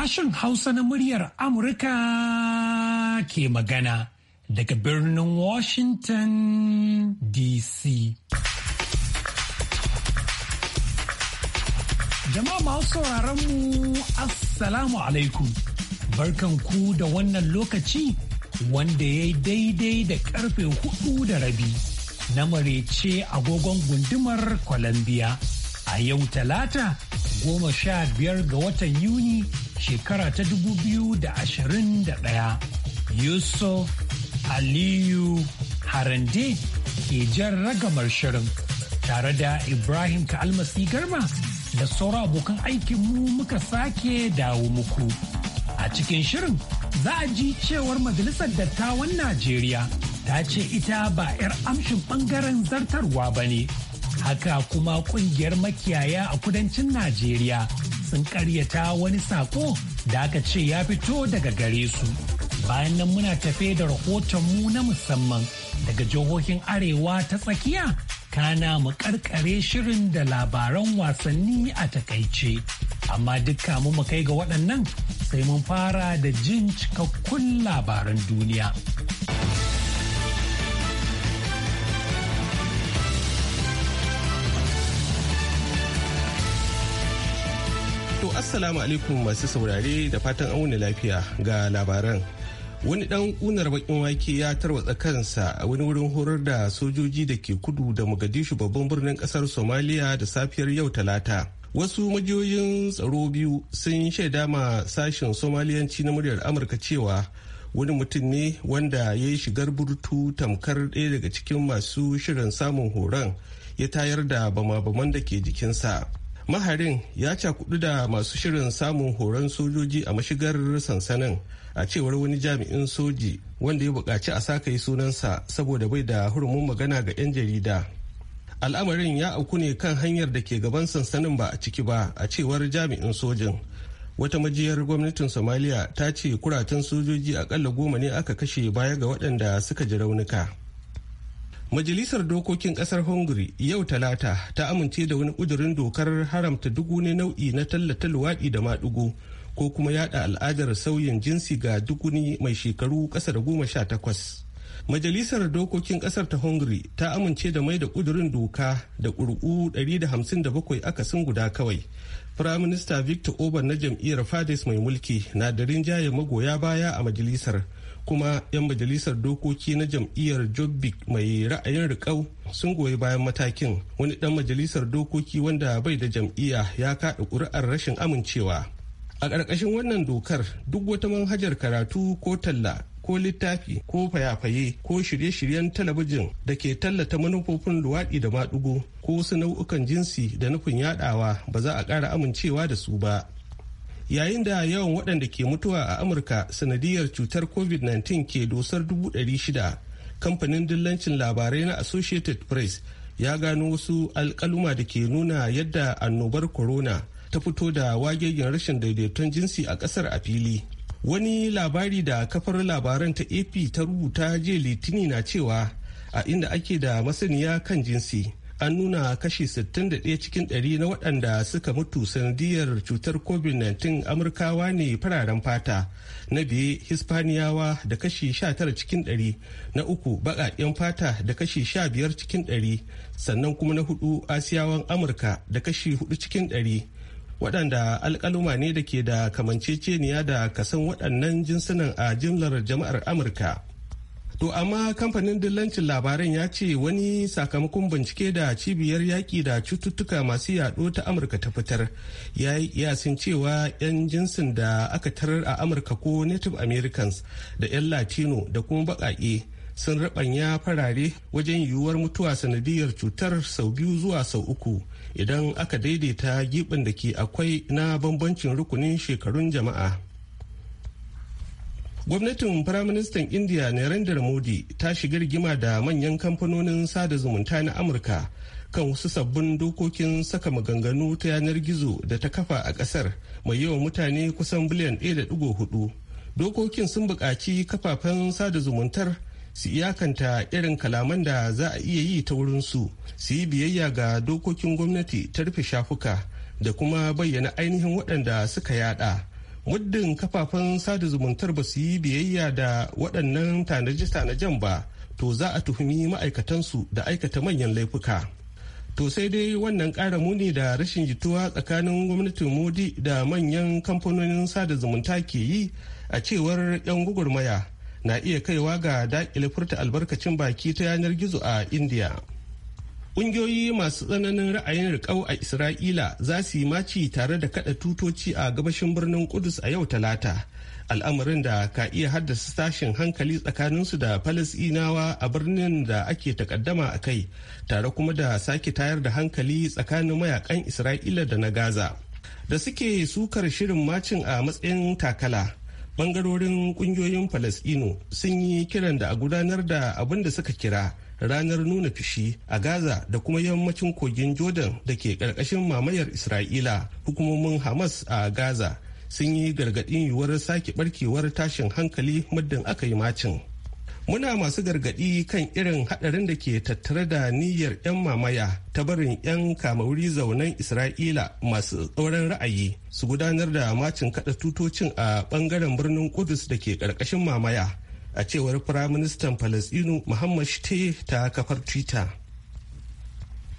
Sashen Hausa na muryar Amurka ke magana daga birnin Washington DC. Jama'a masu mu Assalamu alaikum. Barkan ku da wannan lokaci wanda ya yi daidai da karfe hudu da rabi na marece agogon gundumar Columbia a yau talata goma sha biyar ga watan Yuni shekara ta dubu biyu da da ashirin ɗaya. Yusuf Aliyu Harande ke jan ragamar shirin tare da Ibrahim almasi garma? da sauran abokan aikinmu muka sake dawo muku. A cikin shirin za a ji cewar Majalisar Dattawan Najeriya ta ce ita ba 'yar amshin ɓangaren zartarwa ba ne. Haka kuma ƙungiyar makiyaya a kudancin Najeriya sun karyata wani sako da aka ce ya fito daga gare su bayan nan muna tafe da rahoton mu na musamman daga jihohin arewa ta tsakiya kana mu karkare shirin da labaran wasanni a takaice amma dukka mu mu kai ga waɗannan sai mun fara da jin cikakkun labaran duniya. Assalamu alaikum masu saurare da fatan auna lafiya ga labaran. Wani dan unar bakin wake ya tarwatsa kansa a wani wurin horar da sojoji da ke kudu da Mogadishu babban birnin kasar somaliya da safiyar yau talata. Wasu majiyoyin tsaro biyu sun shaida ma sashen Somaliyanci na muryar Amurka cewa wani mutum ne wanda ya yi shigar burtu tamkar ɗaya daga cikin masu shirin samun horon ya tayar da bama-baman da ke jikinsa maharin ya cakudu da masu shirin samun horon sojoji a mashigar sansanin a cewar wani jami'in soji wanda ya buƙaci a yi sunansa saboda bai da hurumin magana ga 'yan jarida al'amarin ya auku ne kan hanyar da ke gaban sansanin ba a ciki ba a cewar jami'in sojin wata majiyar gwamnatin somaliya ta ce kuratan sojoji akalla goma ne aka kashe baya ga waɗanda suka ji raunuka Majalisar Dokokin Ƙasar Hungary yau Talata ta amince da wani ƙudurin dokar haramta duk wani nau'i na tallata luwaɗi da maɗigo ko kuma yada al'adar sauyin jinsi ga duk wani mai shekaru ƙasa da goma sha takwas. Majalisar Dokokin Ƙasar ta Hungary ta amince da mai da ƙudurin doka da ƙuri'u 157 sun guda kawai. Firaminista Victor Oban na jam'iyyar Fades mai mulki na da rinjaye magoya baya a majalisar. kuma 'yan majalisar dokoki na jam'iyyar jobbik mai ra'ayin rikau sun goyi bayan matakin wani dan majalisar dokoki wanda bai da jam'iyya ya kaɗa ƙuri'ar rashin amincewa a ƙarƙashin wannan dokar duk wata manhajar karatu ko talla ko littafi ko fayafaye ko shirye-shiryen talabijin da ke tallata manufofin luwaɗi da maɗugo ko wasu nau'ukan jinsi da nufin yaɗawa ba za a ƙara amincewa da su ba yayin da yawan waɗanda ke mutuwa a amurka sanadiyar cutar covid-19 ke dosar shida kamfanin dillancin labarai na associated press ya gano wasu alkaluma da ke nuna yadda annobar corona ta fito da wagegen rashin daidaiton jinsi a ƙasar a fili wani labari da kafar labaran ta ap ta rubuta jiya litini na cewa a inda ake da masaniya kan jinsi an nuna kashi 61 cikin 100 na waɗanda suka mutu sanadiyar cutar covid-19 amurkawa ne fararen fata na biye hispaniyawa da kashi 19 cikin 100 na uku baƙaƙen fata da kashi 15 cikin 100 sannan kuma na hudu asiyawan amurka da kashi 4 cikin 100 waɗanda alƙaluma ne da ke da kamanceceniya da kasan waɗannan jinsunan a jimlar jama'ar amurka To amma kamfanin dillancin labaran ya ce wani sakamakon bincike da cibiyar yaƙi da cututtuka masu yaɗo ta Amurka ta fitar ya yi cewa 'yan jinsin da aka tarar a Amurka ko Native Americans da 'yan Latino da kuma baƙaƙe sun rabanya farare wajen yiwuwar mutuwa sanadiyar cutar sau biyu zuwa sau uku idan aka daidaita gibin da ke akwai na bambancin rukunin shekarun jama'a. Gwamnatin Firaministan Indiya Narendra Modi ta shiga rigima da manyan kamfanonin sada zumunta na Amurka kan wasu sabbin dokokin saka maganganu ta yanar gizo da ta kafa a ƙasar mai yawan mutane kusan biliyan 1.4. Dokokin sun buƙaci kafafen sada zumuntar su iyakanta irin kalaman da za a iya yi ta wurinsu su yi biyayya ga dokokin gwamnati ta rufe shafuka da kuma bayyana ainihin waɗanda suka yada. muddin kafafen sada zumuntar ba su yi biyayya da waɗannan tanaje-tanajen ba to za a tuhumi ma'aikatansu da aikata manyan laifuka to sai dai wannan ƙara muni da rashin jituwa tsakanin gwamnatin modi da manyan kamfanonin sada zumunta ke yi a cewar 'yan gugurmaya na iya kaiwa ga daƙile furta albarkacin baki ta yanar gizo a india Ƙungiyoyi masu tsananin ra'ayin riƙau a Isra'ila za su yi maci tare da kaɗa tutoci a gabashin birnin Kudus a yau Talata. Al'amarin da ka iya haddasa tashin hankali tsakaninsu da Falasinawa a birnin da ake takaddama a kai, tare kuma da sake tayar da hankali tsakanin mayakan Isra'ila da na Gaza. Da suke sukar shirin macin a matsayin takala. bangarorin kungiyoyin falasino sun yi kiran da a gudanar da abin da suka kira ranar nuna fushi a Gaza da kuma yammacin kogin Jordan da ke ƙarƙashin mamayar Isra'ila hukumomin Hamas a Gaza sun yi gargaɗin yiwuwar sake barkewar tashin hankali muddin aka yi macin. Muna masu gargaɗi kan irin haɗarin da ke tattare da niyyar 'yan mamaya ta barin 'yan kamauri zaunan Isra'ila masu tsauran ra'ayi su gudanar da macin kaɗa tutocin a ɓangaren birnin Kudus da ke ƙarƙashin mamaya. a cewar firaministan falasɗinu muhammad shite ta kafar twitter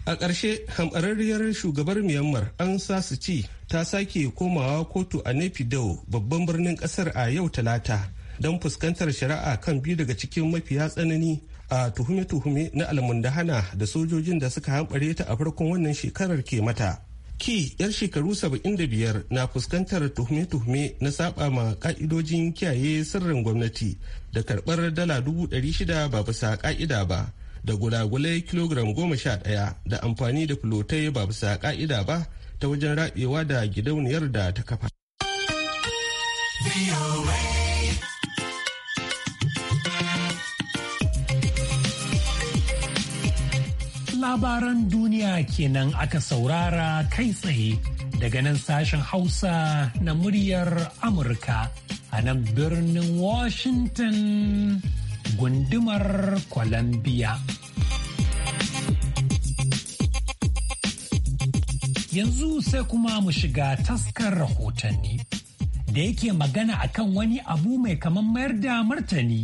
a ƙarshe hamɓararriyar shugabar myanmar an sa su ci ta sake komawa kotu a nefidau babban birnin ƙasar a yau talata don fuskantar shari'a kan biyu daga cikin mafiya tsanani a tuhume-tuhume na almundahana da sojojin da suka hamɓare ta a farkon wannan shekarar ke mata ki yar shekaru 75 na fuskantar tuhume-tuhume na saba ma ka'idojin kiyaye sirrin gwamnati da karbar dala 600 ba bisa ka'ida ba da gulagulai kilogram 11 da amfani da kulotai ba bisa ka'ida ba ta wajen rabewa da gidauniyar da ta kafa. labaran duniya kenan aka saurara kai tsaye daga nan sashen Hausa na muryar Amurka a nan birnin Washington gundumar Columbia. Yanzu sai kuma mu shiga taskar rahotanni da yake magana akan wani abu mai kaman mayar da martani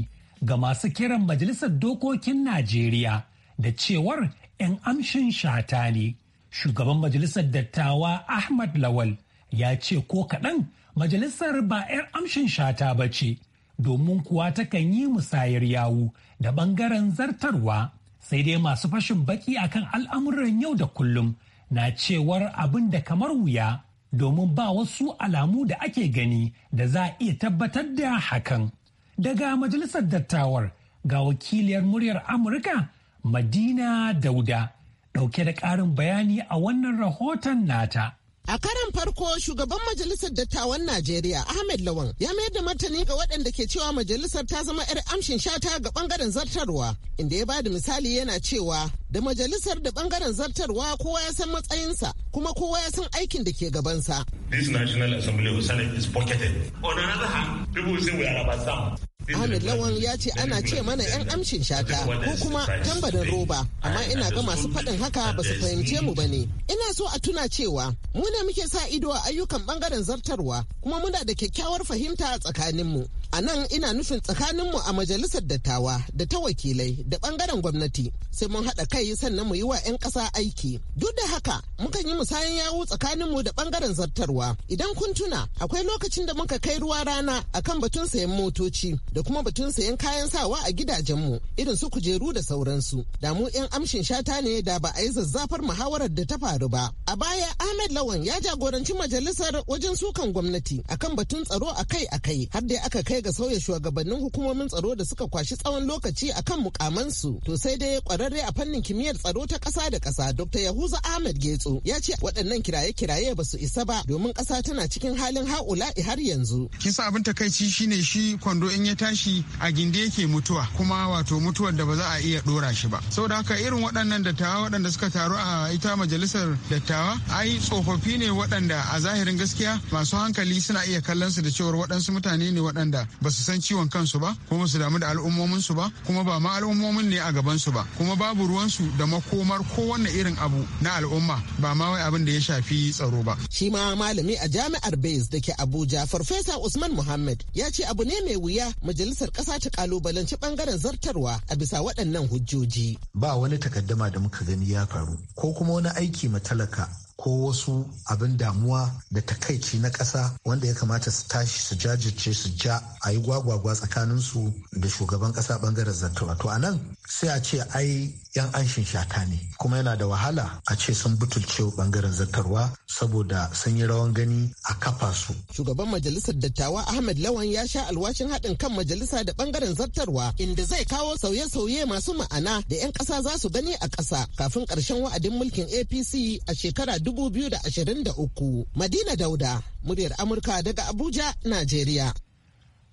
ga masu kiran Majalisar Dokokin Najeriya da cewar 'yan amshin shata ne. Shugaban Majalisar Dattawa Ahmad Lawal ya ce ko kaɗan majalisar ba 'yan amshin shata ba ce, domin kuwa takan yi musayar yawu da ɓangaren zartarwa. Sai dai masu fashin baki akan al'amuran yau da kullum na cewar abin da kamar wuya domin ba wasu alamu da ake gani da za a iya tabbatar da hakan. Daga majalisar dattawar ga wakiliyar muryar Amurka Madina Dauda ɗauke da ƙarin bayani a wannan rahoton nata. A karan farko shugaban majalisar dattawan Najeriya Ahmed Lawan ya mayar da martani ga waɗanda ke cewa majalisar ta zama 'yar amshin shata ga ɓangaren zartarwa inda ya bada misali yana cewa da majalisar da bangaren zartarwa kowa ya san matsayinsa kuma kowa ya san aikin da ke gabansa. This National Assembly of Senate is pocketed. On another hand, people say we are about some. Ahmed Lawan ya ce ana ce mana 'yan amshin shata ko kuma tambarin roba amma ina ga masu faɗin haka ba su fahimce mu ba ne. Ina so a tuna cewa mu ne muke sa ido a ayyukan bangaren zartarwa kuma muna da kyakkyawar fahimta a tsakaninmu. A nan ina nufin tsakaninmu a majalisar dattawa da ta wakilai da bangaren gwamnati sai mun haɗa kai sannan mu yi wa 'yan ƙasa aiki. Duk da haka mukan yi musayan yawo tsakaninmu da bangaren zartarwa. Idan kun tuna akwai lokacin da muka kai ruwa rana akan batun sayan motoci da kuma batun sayan kayan sawa a gidajenmu irin su kujeru da sauransu. Da mu 'yan amshin shata ne da ba a yi zazzafar muhawarar da ta faru ba. A baya Ahmed Lawan ya jagoranci majalisar wajen sukan gwamnati akan batun tsaro akai-akai har dai aka kai kai ga sauya shugabannin hukumomin tsaro da suka kwashi tsawon lokaci a akan mukamansu to sai dai kwararre a fannin kimiyyar tsaro ta kasa da kasa. dr yahuza ahmed getso ya ce waɗannan kiraye-kiraye ba su isa ba domin kasa tana cikin halin haula'i har yanzu kisa abin takaici shine shi kwando in ya tashi a ginde yake mutuwa kuma wato mutuwar da ba za a iya dora shi ba saboda haka irin waɗannan dattawa waɗanda suka taru a ita majalisar dattawa ai tsofaffi ne waɗanda a zahirin gaskiya masu hankali suna iya kallon su da cewar waɗansu mutane ne waɗanda basu ba su san ciwon kansu ba kuma su damu da al'ummominsu ba kuma ba ma al'ummomin ne a gabansu ba kuma babu ruwansu da makomar kowanne irin abu na al'umma ba ma wai abin da ya shafi tsaro ba. Shi ma malami a jami'ar Bayes dake Abuja Farfesa Usman Muhammad ya ce abu ne mai wuya majalisar ƙasa ta kalubalanci bangaren zartarwa a bisa waɗannan hujjoji. Ba wani takaddama da muka gani ya faru ko kuma wani aiki matalaka ko wasu abin damuwa da takaici na ƙasa wanda ya kamata su tashi su jajirce su ja a yi gwagwagwa tsakaninsu da shugaban ƙasa bangaren zartawa to a nan sai a ce ai yan an shata ne kuma yana da wahala a ce sun butulce bangaren zartarwa saboda sun yi rawan gani a kafa su shugaban majalisar dattawa ahmed lawan ya sha alwashin haɗin kan majalisa da bangaren zartarwa inda zai kawo sauye-sauye masu ma'ana da 'yan ƙasa za su gani a ƙasa kafin ƙarshen wa'adin mulkin apc a shekara 2023. Madina Dauda, muryar Amurka daga Abuja, Najeriya.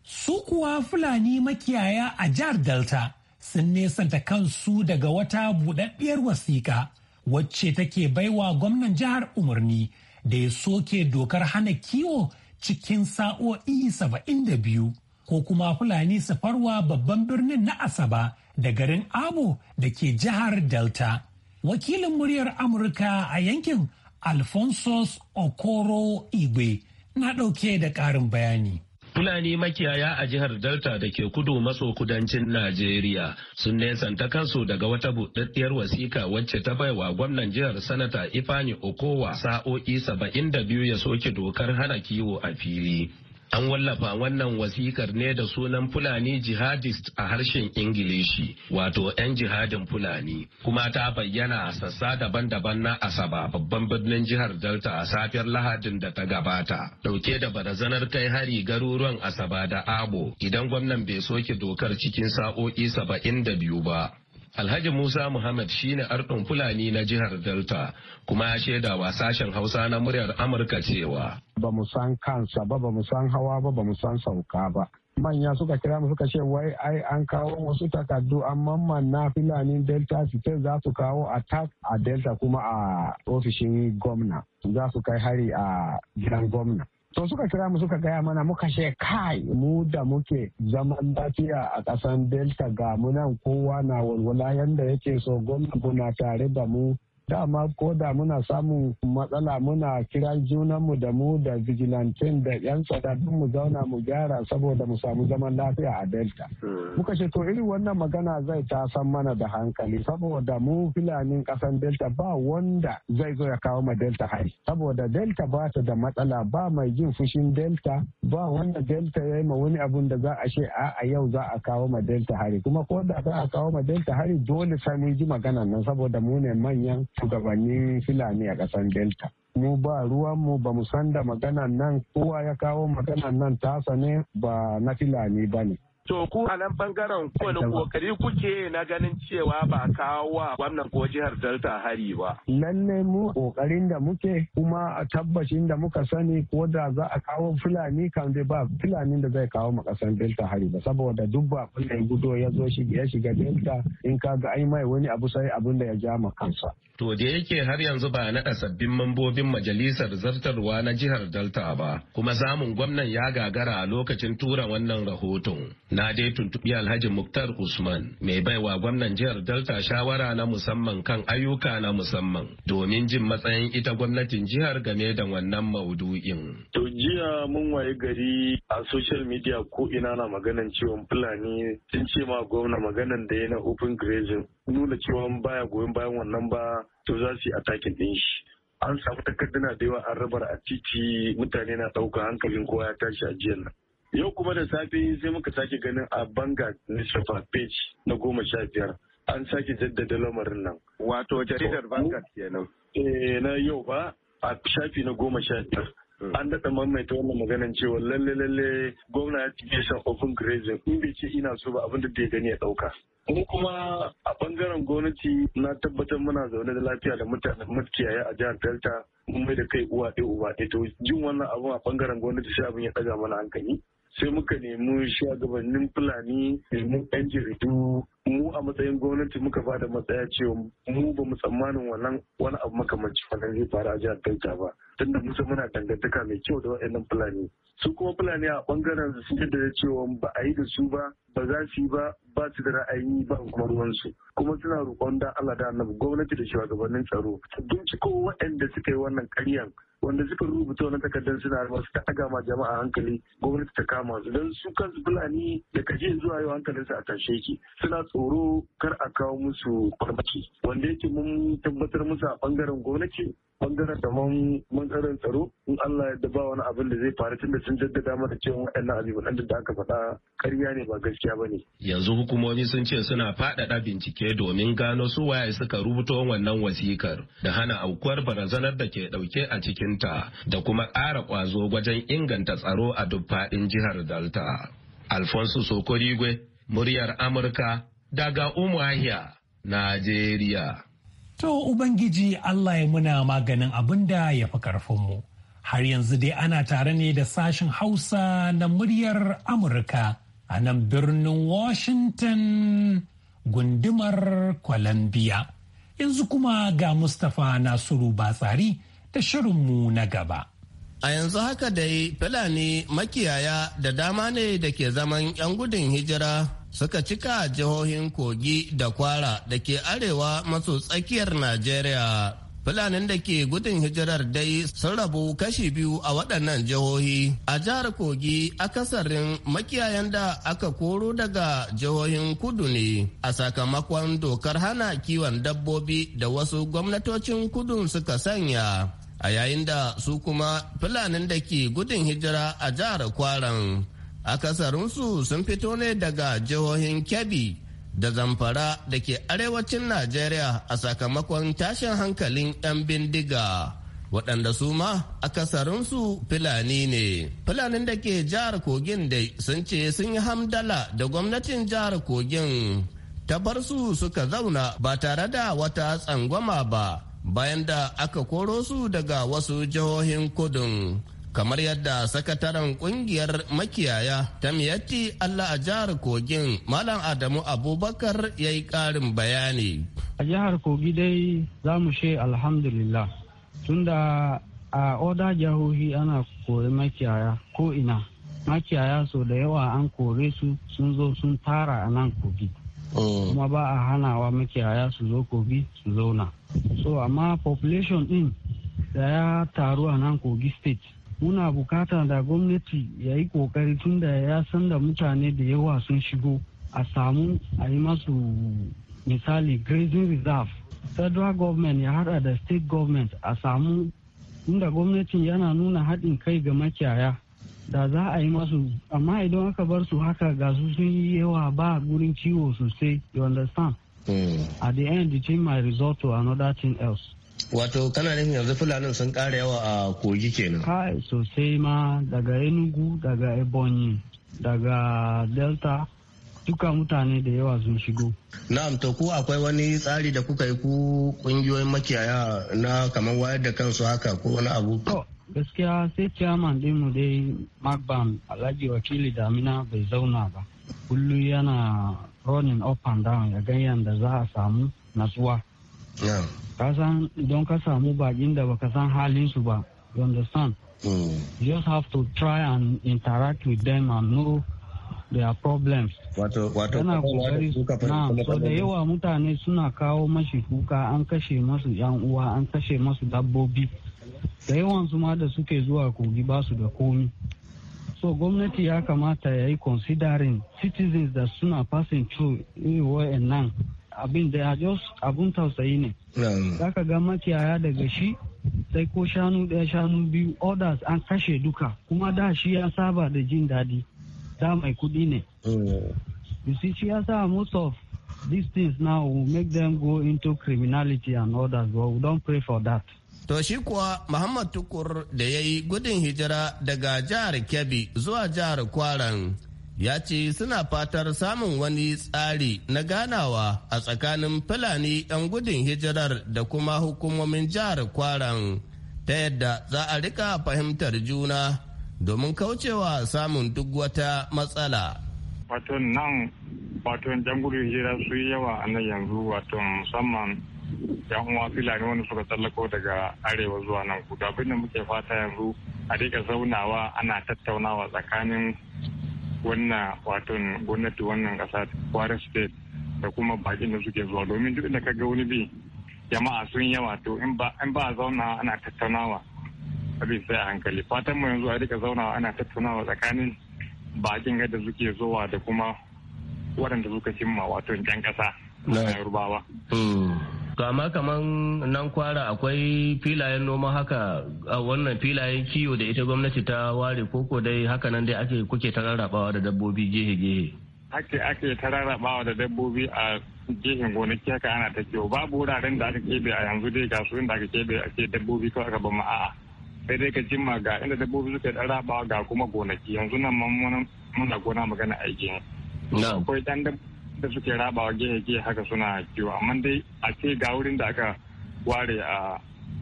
Su kuwa Fulani makiyaya a jihar Delta sun nesanta kansu daga wata buɗaɗɗiyar wasiƙa wacce take baiwa gwamnan jihar umarni da ya soke dokar hana kiwo cikin sa'o'i biyu, ko kuma Fulani su farwa babban birnin na Asaba da garin Abo da ke jihar Delta. Wakilin muryar Amurka a yankin alphonsus okoro igwe na ɗauke da ƙarin bayani Fulani makiyaya a jihar Delta da ke kudu maso kudancin Najeriya sun nesanta kansu daga wata buɗaɗɗiyar wasiƙa wacce ta baiwa gwamnan jihar Sanata Ifani Okowa sa'o'i saba'in da biyu ya soke dokar hana kiwo a fili. An wallafa wannan wasikar ne da sunan Fulani jihadist a harshen Ingilishi, wato 'yan jihadin Fulani, kuma ta bayyana a sassa daban-daban na Asaba babban birnin jihar Delta a safiyar Lahadin da ta gabata. Dauke da barazanar kai hari garuruwan Asaba da Abo idan gwamnan bai soke dokar cikin sa'o'i saba'in da biyu ba. Alhaji Musa Muhammad shine arɗin Fulani na jihar Delta kuma ya shaida wa sashen Hausa na muryar Amurka cewa. Ba mu san kansa ba, ba mu san hawa ba, ba mu san sauka ba. Manya suka kira mu suka ce wai ai an kawo wasu takardu amma na Fulani Delta site za su kawo attack a Delta kuma a ofishin gwamna. Za su kai hari a gidan gwamna. to suka kira mu suka gaya mana muka ce kai mu da muke zaman lafiya a ƙasan delta ga munan kowa na walwala yanda yake so gwamnati na tare da mu dama ko da muna samun matsala muna kira mu da mu da vigilantin da yan duk mu zauna mu gyara saboda mu samu zaman lafiya a delta hmm. muka ce to irin wannan magana zai ta san mana da hankali saboda mu filanin kasan delta ba wanda zai zo ya kawo ma delta hari saboda delta ba ta da matsala ba mai jin fushin delta ba wanda delta ya yi ma wani abun da za a ce a yau za a kawo ma delta hari kuma ko da za a kawo ma delta hari dole sai mun ji maganan nan saboda mu ne manyan shugabannin Fulani a ƙasar Delta. Mu ba ruwan mu ba mu san da maganan nan kowa ya kawo maganan nan tasa ne ba na Fulani ba ne. To ku a nan bangaren kowane kokari kuke na ganin cewa ba kawo wa ko jihar Delta hari ba. Lalle mu kokarin da muke kuma a tabbacin da muka sani ko da za a kawo Fulani kan dai ba Fulani da zai kawo makasan Delta hari ba saboda duk ba gudo ya zo ya shiga Delta in ka ga ai mai wani abu sai abin ya ja ma To da yake har yanzu ba naɗa sabbin mambobin majalisar zartarwa na jihar Delta ba, kuma samun gwamnan ya gagara a lokacin tura wannan rahoton. Na dai tuntuɓi Alhaji Muktar Usman, mai baiwa gwamnan jihar Delta shawara na musamman kan ayyuka na musamman, domin jin matsayin ita gwamnatin jihar game da wannan maudu'in. To jiya mun waye gari a social media ko ina na maganan ciwon Fulani sun ce ma gwamna maganan da ya na open grazing nuna cewa baya goyon bayan wannan ba to za su yi atakin din shi an samu takardana da yawa an rabar a titi mutane na ɗauka hankalin kowa ya tashi a jiyan nan yau kuma da safe sai muka sake ganin a banga newspaper page na goma sha biyar an sake jaddada lamarin nan wato jaridar banga kenan eh na yau ba a shafi na goma sha biyar hmm. an daɗa maimaita wannan maganan cewa lalle lalle gwamna ya cike shan open grazing in bai ce ina so ba abin da ya gani ya ɗauka ko kuma a bangaren gwamnati na tabbatar muna zaune da lafiya da mutane a jihar delta mun mai da kai uwa ɗaya uba ɗaya to jin wannan abun a bangaren gwamnati sai abin ya ɗaga mana hankali sai muka nemi shugabannin fulani nemi yan jaridu mu a matsayin gwamnati muka ba da matsaya cewa mu ba mu tsammanin wannan wani abu makamanci wannan zai faru a jihar Delta ba tunda musa muna dangantaka mai kyau da waɗannan fulani su kuma fulani a bangaren su sun da cewa ba a yi da su ba ba za su yi ba ba su da ra'ayi ba kuma ruwansu kuma suna roƙon da Allah da annabi gwamnati da shugabannin tsaro su binciko waɗanda suka yi wannan karyan. wanda suka rubuta wani takardar suna ruwa su ɗaga ma jama'a hankali gwamnati ta kama su don su kansu fulani da kaje zuwa yau hankalin su a tashe yake suna tsoro kar a kawo musu farmaki wanda yake mun tabbatar musu a bangaren gwamnati bangaren da mun tsarin tsaro in Allah ya ba wani abin da zai faru tunda sun jaddada mana cewa waɗannan abubuwan da aka faɗa ƙarya ne ba gaskiya ba ne. Yanzu hukumomi sun ce suna faɗaɗa bincike domin gano su waye suka rubuto wannan wasikar da hana aukuwar barazanar da ke ɗauke a cikinta da kuma ƙara ƙwazo wajen inganta tsaro a duk faɗin jihar Delta. Alfonso Sokorigwe, muryar Amurka, daga Umuahia, Najeriya. To Ubangiji Allah ya muna maganin abin da ya fi ƙarfinmu. Har yanzu dai ana tare ne da sashen Hausa na muryar Amurka a nan birnin Washington gundumar Columbia. Yanzu kuma ga Mustapha Nasiru Batsari da shirinmu na gaba. A yanzu haka dai Fulani makiyaya da dama ne da ke zaman 'yan gudun hijira suka cika jihohin kogi da kwara da ke arewa maso tsakiyar najeriya Fulanin da ke gudun hijirar dai sun rabu kashi biyu a waɗannan jihohi. A jihar Kogi akasarin makiyayan da aka koro daga jihohin kudu ne a sakamakon dokar hana kiwon dabbobi da wasu gwamnatocin kudu suka sanya. A yayin da su kuma fulanin da ke gudun hijira a jihar Kwaran akasarinsu sun fito ne daga jihohin kebbi da zamfara da ke arewacin najeriya a sakamakon tashin hankalin 'yan bindiga waɗanda su ma akasarinsu fulani ne fulanin da ke jihar kogin da sun ce sun yi hamdala da gwamnatin jihar kogin ta bar su suka zauna ba tare da wata tsangwama ba bayan da aka koro su daga wasu jihohin kudin. kamar yadda sakataren kungiyar makiyaya ta miyatti Allah a jihar Kogin Malam Adamu Abubakar ya yi ƙarin bayani. A jihar Kogi dai za mu she alhamdulillah tunda a oda jihohi ana kori makiyaya ko ina. Makiyaya so da yawa an kore su sun zo sun tara a nan Kogi. Mm. Kuma ba a hanawa makiyaya su zo Kogi su zauna. So amma population din da ya taru a nan Kogi state muna bukata da gwamnati ya yi kokari tun da ya san da mutane da yawa sun shigo a samu a yi masu misali grazing reserve federal government ya hada da state government a samu inda gwamnatin yana nuna haɗin kai ga makiyaya da za a yi masu amma idan aka bar su haka ga su sun yi yawa ba gurin ciwo sosai you understand mm. at the end it my resort to another thing else Wato kana nufin yanzu Fulanin sun ƙara yawa a kogi kenan. Kai sosai ma daga Enugu, daga Ebonyi, daga Delta, duka mutane da yawa sun shigo. Na'am to ku akwai wani tsari da kuka yi ku ƙungiyoyin makiyaya na kamar wayar da kansu haka ko wani abu? gaskiya sai chairman mu dai magban Alhaji Wakili Damina bai zauna ba. Kullu yana running up and down ya ganyen da za a samu natsuwa. ka san idan ka samu bakin da baka san halin su ba you understand mm. you just have to try and interact with them and know their problems wato wato su kokari na so da yawa mutane suna kawo mashi kuka an kashe masu yan uwa an kashe masu dabbobi da yawan su ma da suke zuwa kogi ba su da komi so gwamnati ya kamata ya yi considering citizens da suna passing through nan abin da abun tausayi ne za ka ga makiyaya daga shi sai ko shanu ɗaya shanu biyu orders an kashe duka kuma da shi ya saba da jin daɗi da mai kuɗi ne mm. you see shi ya sa most of these things now will make them go into criminality and others but we don't pray for that To shi kuwa Muhammad Tukur da ya yi gudun hijira daga jihar Kebbi zuwa jihar Kwaran ya ce suna fatar samun wani tsari na ganawa a tsakanin fulani 'yan gudun hijirar da kuma hukumomin jihar kwaran ta yadda za a rika fahimtar juna domin kaucewa samun duk wata matsala. Waton nan waton jan gudun hijira su yi yawa a nan yanzu waton musamman yan uwa filani wani suka tsallako daga arewa zuwa nan kudu abin da muke fata yanzu a rika zaunawa ana tattaunawa tsakanin wannan watan gwamnati wannan kasa kwara state da kuma bakin da suke zuwa domin duk da kaga wani bi jama'a sun yawa to in ba a zauna ana tattaunawa abin sai a hankali fatan mu yanzu a rika zaunawa ana tattaunawa tsakanin bakin da suke zuwa da kuma waɗanda suka cimma wato yan ƙasa na yarubawa. Hmm. To amma kaman nan kwara akwai filayen noma haka a wannan filayen kiwo da ita gwamnati ta ware koko dai haka nan dai ake kuke ta rarrabawa da dabbobi gehe-gehe. Ake ake ta rarrabawa da dabbobi a gehen gonaki haka ana ta kiwo babu wuraren da aka kebe a yanzu dai ga su inda aka kebe ake dabbobi kawai aka bama a'a sai dai ka jimma ga inda dabbobi suka dan rabawa ga kuma gonaki yanzu nan muna gona magana aikin ne. Akwai dan dabbobi da suke rabawa wa gehe haka suna kiwo amma dai a ce ga wurin da aka ware a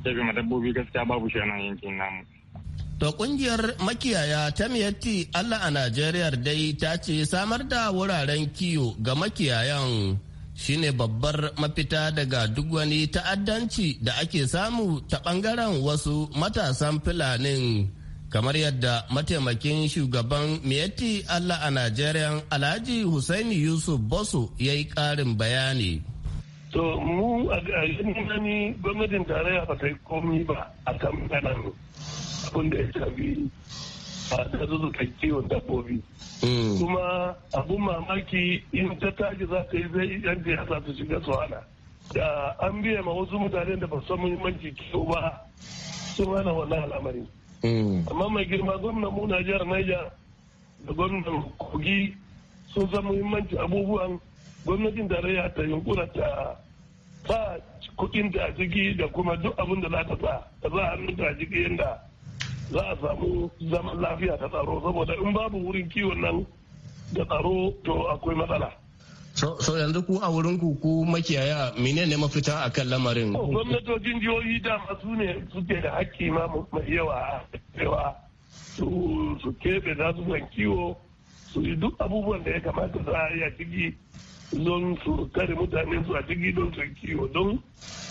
keɓe madabbobi gaskiya babu shi nan yankin namu. To kungiyar makiyaya ta miyatti Allah a Najeriya dai ta ce samar da wuraren kiwo ga makiyayan shine babbar mafita daga duk wani ta'addanci da ake samu ta bangaren wasu matasan Fulanin. kamar yadda mataimakin shugaban miyatti Allah a Najeriya Alhaji Hussaini Yusuf Boso ya yi ƙarin bayani. To mu a gani gwamnatin tarayya ba ta yi komi ba a kan kanan abin da ya shafi a ta ta kiwon dabbobi. Mm. Kuma abun mamaki in ta taji za ta yi zai yan siyasa su shiga su hana. Da an biya ma wasu mutanen da ba san muhimmanci kiwo ba sun hana wannan al'amarin. Mm. amma mai girma gwamnan muna na jihar naija da gwamnan kogi sun san muhimmanci abubuwan gwamnatin tarayya ta yunkura ta sa kudin ta ciki da kuma duk abin da za ta sa da za a nuta a ciki yadda za a samu zaman lafiya ta tsaro saboda in babu wurin kiwon nan da tsaro to akwai matsala. So, yanzu ku a wurin ku ku makiyaya mene ne mafita a kan lamarin? Oh, gwamnatocin jihohi da masu ne suke da hakki ma mai yawa cewa su keɓe za su zan kiwo su yi duk abubuwan da ya kamata za a yi a ciki don su kare mutane su a ciki don su kiwo don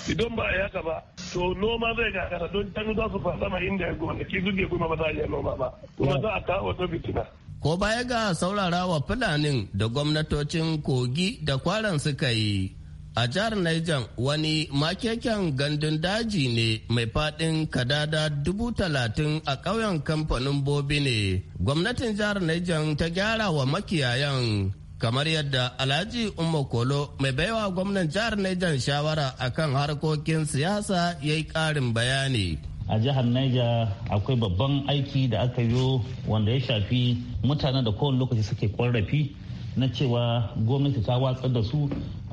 idan ba a yaka ba to noma zai gagara don canu za su fasa ma inda gonaki suke kuma ba za a yi noma ba kuma za a kawo wata fitina. ko baya ga saurarawa fulanin da gwamnatocin kogi da kwaran suka yi a jihar Niger wani makeken gandun daji ne mai faɗin kadada dubu talatin a ƙauyen kamfanin bobi ne gwamnatin jihar Niger ta gyara wa makiyayan kamar yadda alhaji kolo mai baiwa gwamnan jihar Niger shawara akan harkokin siyasa ya yi ƙarin bayani a jihar Niger akwai babban aiki da aka yi wanda ya shafi mutanen da kowane lokaci suke kwarrafi na cewa gwamnati ta watsar da su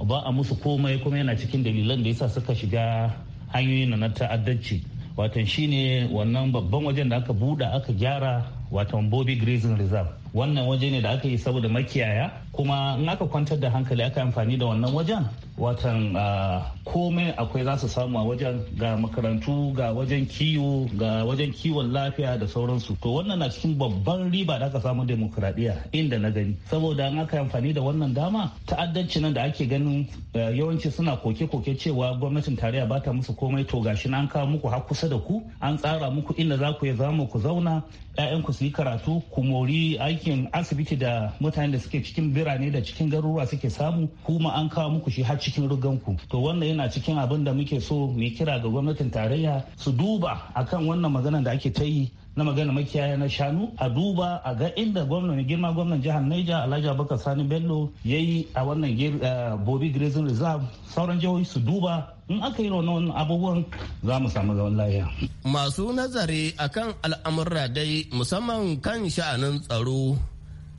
ba a musu komai kuma yana cikin dalilan da yasa suka shiga hanyoyin na ta'addanci watan shine wannan babban wajen da aka buɗe aka gyara watan Bobby Grazing Reserve wannan waje ne da aka yi saboda makiyaya kuma in aka kwantar da hankali aka amfani da wannan wajen watan ah, komai akwai za su samu a wajen ga makarantu ga wajen kiwo ga wajen kiwon lafiya da sauransu to wannan na cikin babban riba da aka samu demokuraɗiyya inda na gani saboda in aka amfani da wannan dama ta'addanci nan da ake ganin eh, yawanci suna koke-koke cewa gwamnatin tarayya ba ta musu komai to gashi an kawo muku har kusa da ku an tsara muku inda za ku ya zama ku zauna 'ya'yanku su yi karatu ku mori aiki aikin asibiti da mutane da suke cikin birane da cikin garuruwa suke samu kuma an kawo muku shi har cikin ruganku to wannan yana cikin abin da muke so mu kira ga gwamnatin tarayya su duba akan wannan maganar da ake ta yi na magana makiyaya na shanu a duba a ga inda gwamnan girma gwamnan jihar Neja Alhaji Abubakar Sani Bello yayi a wannan eh, Bobi Grazing Reserve sauran jihohi su duba in aka yi wannan abubuwan za mu samu zaman lafiya. Masu nazari akan al'amurra dai musamman kan sha'anin tsaro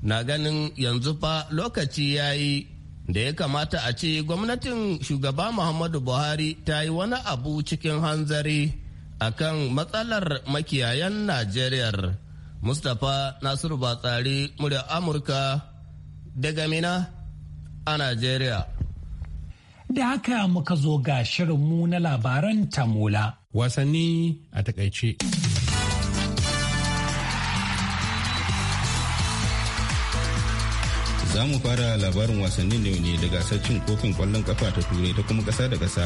na ganin yanzu fa lokaci ya yi da ya kamata a ce gwamnatin shugaba Muhammadu Buhari ta yi wani abu cikin hanzari akan matsalar makiyayan Najeriya. Mustapha Nasiru Batsari, murya Amurka daga Mina a Najeriya. Da haka muka zo ga shirinmu na labaran tamula. Wasanni a takaice. Za mu fara labarin wasanni da ne da gasar cin kofin kwallon kafa ta turai ta kuma kasa da kasa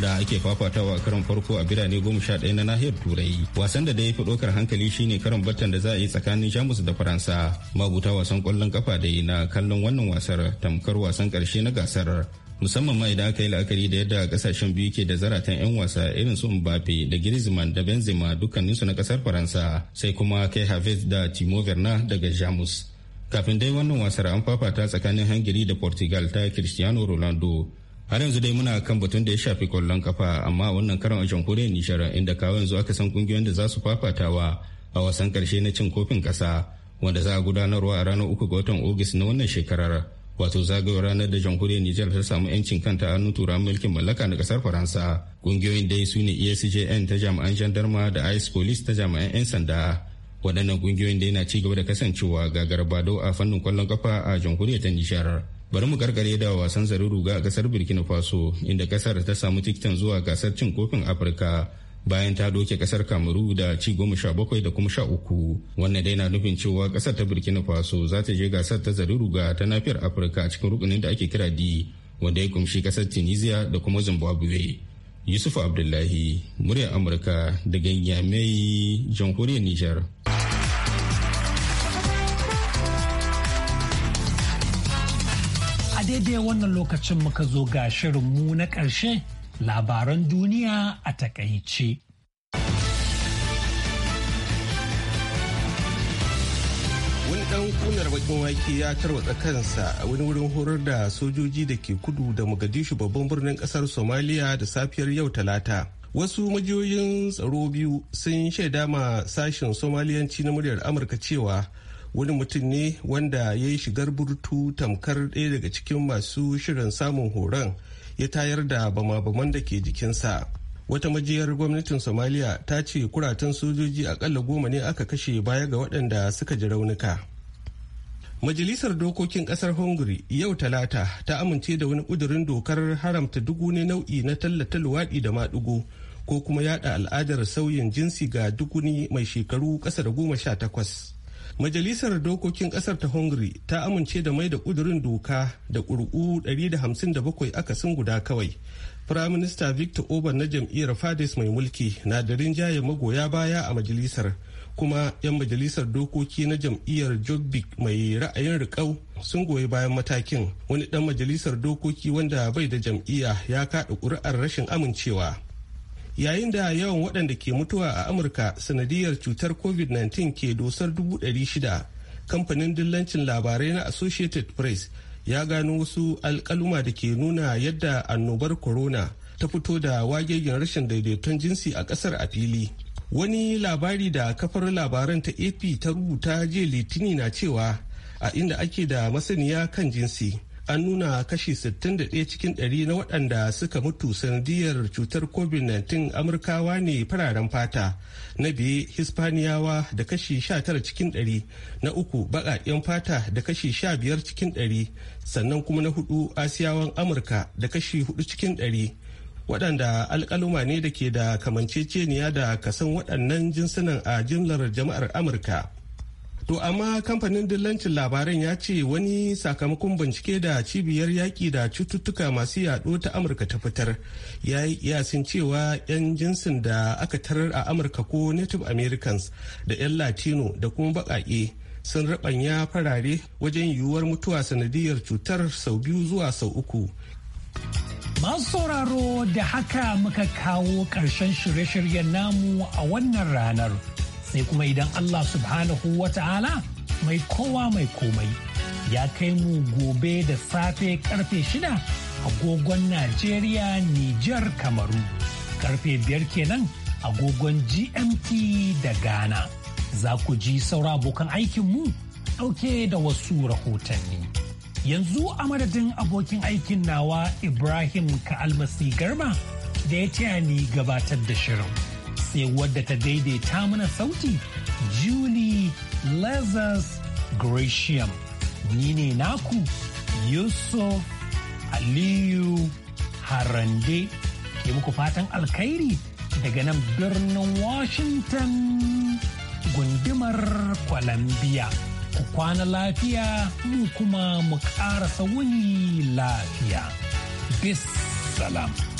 da ake fafatawa a karon farko a birane goma sha ɗaya na nahiyar turai. Wasan da da ya fi ɗaukar hankali shine karon battan da za a yi tsakanin Jamus da Faransa. Mabuta wasan kwallon kafa da yi na kallon wannan wasar tamkar wasan ƙarshe na gasar. musamman ma idan aka yi la'akari da yadda kasashen biyu ke da zaratan 'yan wasa irin su Mbappe da Griezmann da Benzema dukkaninsu na kasar Faransa sai kuma kai Havertz da Timo Werner daga Jamus. Kafin dai wannan wasar an fafata tsakanin Hungary da Portugal ta Cristiano Ronaldo. Har yanzu dai muna kan batun da ya shafi kwallon kafa amma wannan karan a jamhuriyar Nishar inda kawo yanzu aka san kungiyoyin da za su fafatawa a wasan karshe na cin kofin kasa wanda za a gudanarwa a ranar uku ga watan Ogis na wannan shekarar. wato zagayowar ranar da jamhuriyar Nijar ta samu 'yancin kanta a nutura mulkin mallaka na kasar Faransa. Kungiyoyin dai su ne ESCJN ta jami'an jandarma da ICE Police ta jami'an 'yan sanda. Waɗannan kungiyoyin dai na ci gaba da kasancewa ga garbado a fannin kwallon kafa a jamhuriyar ta Nijar. Bari mu karkare da wasan zaruru ga a kasar Burkina Faso inda kasar ta samu tikitin zuwa gasar cin kofin Afirka bayan ta doke kasar kamaru da ci goma sha bakwai da kuma sha uku wannan dai na nufin cewa kasar ta burkina faso za ta je gasar ta zariruga ta nafiyar afirka a cikin rukunin da ake kira di wanda ya kumshi kasar tunisia da kuma zimbabwe yusuf abdullahi muryar amurka daga yamai jamhuriyar nijar a daidai wannan lokacin muka zo ga mu na ƙarshe labaran duniya a takaice. Wani ɗan kunar bakin wake ya tarwatsa kansa a wani wurin horar da sojoji da ke kudu da Magadishu babban birnin ƙasar Somaliya da safiyar yau talata. Wasu majiyoyin tsaro biyu sun shaida ma sashen Somaliyanci na muryar Amurka cewa wani mutum ne wanda ya yi shigar burtu tamkar ɗaya daga cikin masu shirin samun horon. ya tayar da bama-baman da ke jikinsa wata majiyar gwamnatin somaliya ta ce kuratan sojoji akalla goma ne aka kashe baya ga waɗanda suka ji raunuka majalisar dokokin ƙasar hungary yau talata ta amince da wani ƙudurin dokar haramta duguni ne nau'i na tallata luwaɗi da maɗigo ko kuma yada al'adar sauyin jinsi ga dukuni mai shekaru ƙasa da goma sha takwas Majalisar Dokokin Ƙasar ta Hungary ta amince da mai da ƙudurin doka da ƙuri'u 157 akasin guda kawai. Firaminista Victor Orban na jam'iyyar Fadis mai mulki na da rinjaye magoya baya a majalisar. Kuma 'yan majalisar dokoki na jam'iyyar Jobbik mai ra'ayin riƙau sun goyi bayan matakin. Wani ɗan majalisar dokoki wanda bai da jam'iyya ya kaɗa ƙuri'ar rashin amincewa. yayin da yawan waɗanda ke mutuwa a amurka sanadiyar cutar covid-19 ke dosar 600 kamfanin dillancin labarai na associated press ya gano wasu alkaluma da ke nuna yadda annobar corona ta fito da wagegen rashin daidaiton jinsi a ƙasar a fili wani labari da kafar labaran ta ap ta rubuta jiya litini na cewa a inda ake da masaniya kan jinsi an nuna kashi 61 cikin 100 na waɗanda suka mutu sanadiyar cutar covid-19 amurkawa ne fararen fata na biye hispaniyawa da kashi 19 cikin 100 na uku baƙaƙen fata da kashi 15 cikin 100 sannan kuma na hudu asiyawan amurka da kashi 4 cikin 100 waɗanda alƙaluma ne da ke da kamanceceniya da kasan waɗannan jinsunan a jimlar jama'ar amurka To amma kamfanin dillancin labaran ya ce wani sakamakon bincike da cibiyar yaƙi da cututtuka masu yaɗo ta Amurka ta fitar ya yi cewa 'yan jinsin da aka tarar a Amurka ko Native Americans da 'yan Latino da kuma baƙaƙe sun rabanya farare wajen yiwuwar mutuwa sanadiyar cutar sau biyu zuwa sau uku. Masu sauraro da haka muka kawo ƙarshen shirye-shiryen namu a wannan ranar. sai kuma idan Allah subhanahu wa ta'ala mai kowa mai komai ya kai mu gobe da safe karfe shida agogon Najeriya Nijar Kamaru karfe biyar kenan agogon GMT da Ghana za ku ji saura abokan aikinmu ɗauke da wasu rahotanni. Yanzu a madadin abokin aikin nawa Ibrahim Ka'almasi Garba da ya taya ni gabatar da shirin. sai wadda ta daidaita mana sauti Julie Lazarus Gratiam. Ni ne naku Yusuf Aliyu Harande ke muku fatan alkhairi daga nan birnin Washington gundumar Columbia. Ku kwana lafiya mu kuma mu ƙarasa wuni lafiya. Bis salam.